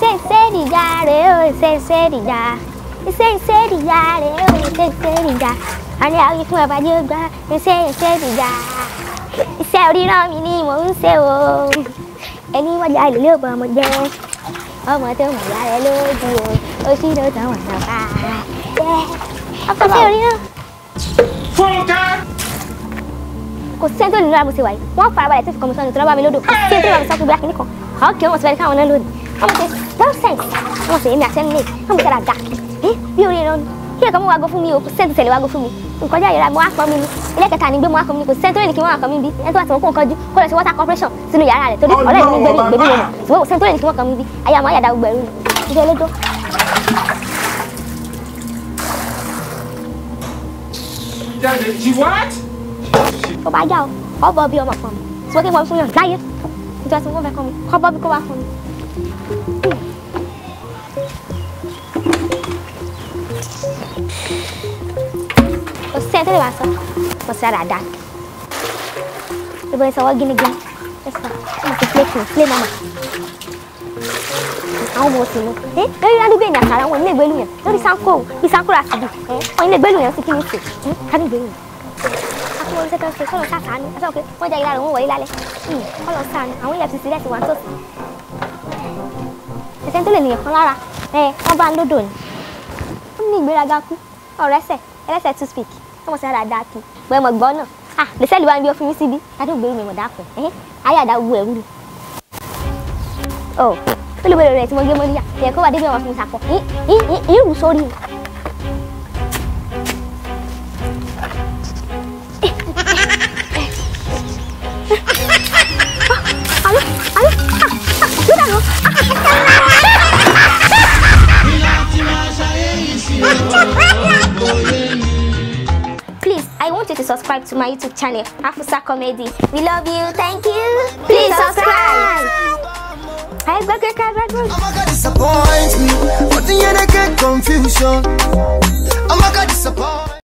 iṣẹ́ iṣẹ́ ìdìjà rẹ̀ o iṣẹ́ iṣẹ́ ìdìjà iṣẹ́ iṣẹ́ ìdìjà rẹ̀ o iṣẹ́ iṣẹ́ ìdìjà àní àwọn ikú bàbá ni ó gbá iṣẹ́ iṣẹ́ ìdìjà iṣẹ́ oríran mi ni mò ń ṣe o ẹni wọ́n jà lè bọ̀ ọmọ jẹ́ ọmọ tó mọ̀ yá rẹ lójú o ó sì ló tán wọ̀n náà bá a kò sí oríran. fúnkẹ́. kò sí ẹni tó nínú àmúṣe wáyé wọ́n farabalẹ̀ tó fi kọ̀mùsọ̀nù tó lọ́ bá mi lódò kò sí ẹni tó bá mi sọ́kùn bí akínní kan àwọn kì í wọ́n ti fẹ́ káwọn náà lónìí kamu ṣe nonsense wọn sì èmi àṣẹ nílé wọn bẹ sára ga ẹ bí orí ẹran kí ẹ̀kọ́ mú wago fún mi o kò sẹ́ńtì tẹ̀lé wago fún mi nǹkan jẹ́ àyèrè mo wá pọ́n mi ni ilé kẹta ni gbé mo wá pọ́n mi ni kò sẹ́ńtì tó lè ní kí wọ́n wá pọ́n mi bí ẹni tó bá ti wọ́n kó nǹkan jù kó lọ sí water corporation sínú yàrá rẹ̀ torí ọ̀rẹ́ mi gbẹ̀mí gbẹ̀mí lọ́nà ṣùgbọ́n kò sẹ́ńtì tó lè ní kí wọ́n kàn mí bí ayé àmọ́ àyàdá gbogbo ẹ̀rú ni ilé ẹlẹ́jọ́. tó bá yá ọ ọ bọ bí ọmọ kan mi ṣùgbọ́n Tẹ́lẹ̀ wá sọ, kò sí ara dáa. Ìbọn ìsọwọ́ gínigín. Ẹ̀sìn, ọmọ kò mama. Aku ọmọ òsì Eh, Ẹ lórí ládùúgbò ìyìn àkàrà wọn ilé ìgbélú yẹn. Lórí sáńkó bí sáńkó rà síbi. Wọ́n ilé ìgbélú yẹn sí kí ni sè. Kábí ìgbélú yẹn. Akúmọ̀ orí sẹ́kẹ̀ ṣe sọ̀rọ̀ sáà sàánú. Ẹ sọ pé wọ́n jẹ́ ìlà rẹ̀ wọ́n wọlé lálẹ́. Kọ́lọ̀ sàánú. Àwọn ilẹ̀ ti sílẹ̀ ti ẹsẹ̀ tó lè nìyẹn kan lára ẹ wọ́n bá ń lódò ni ó ní ìgbéraga kú ọ̀rẹ́sẹ̀ ẹlẹ́sẹ̀ two speak wọ́n mọ̀ sí ara dáa kí wọ́n mọ̀ gbọ́ náà à lẹ́sẹ̀ ló wá ń bí ó fún mi síbi adó gbèrú mi mọ̀ dákun ẹ̀hẹ́ ayé àdá wu ẹ̀rú ni. ó lè wẹ̀rẹ̀ rẹ̀ tí mo gé mọ́ríyà ẹ̀kọ́ wà débi ọmọ fún mi sàpọ̀ ìrù sórí mi. Please, I want you to subscribe to my YouTube channel, Afusa Comedy. We love you. Thank you. Please subscribe. I disappoint me, but get confusion.